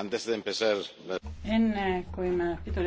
enne kui me pidulikult lõpetame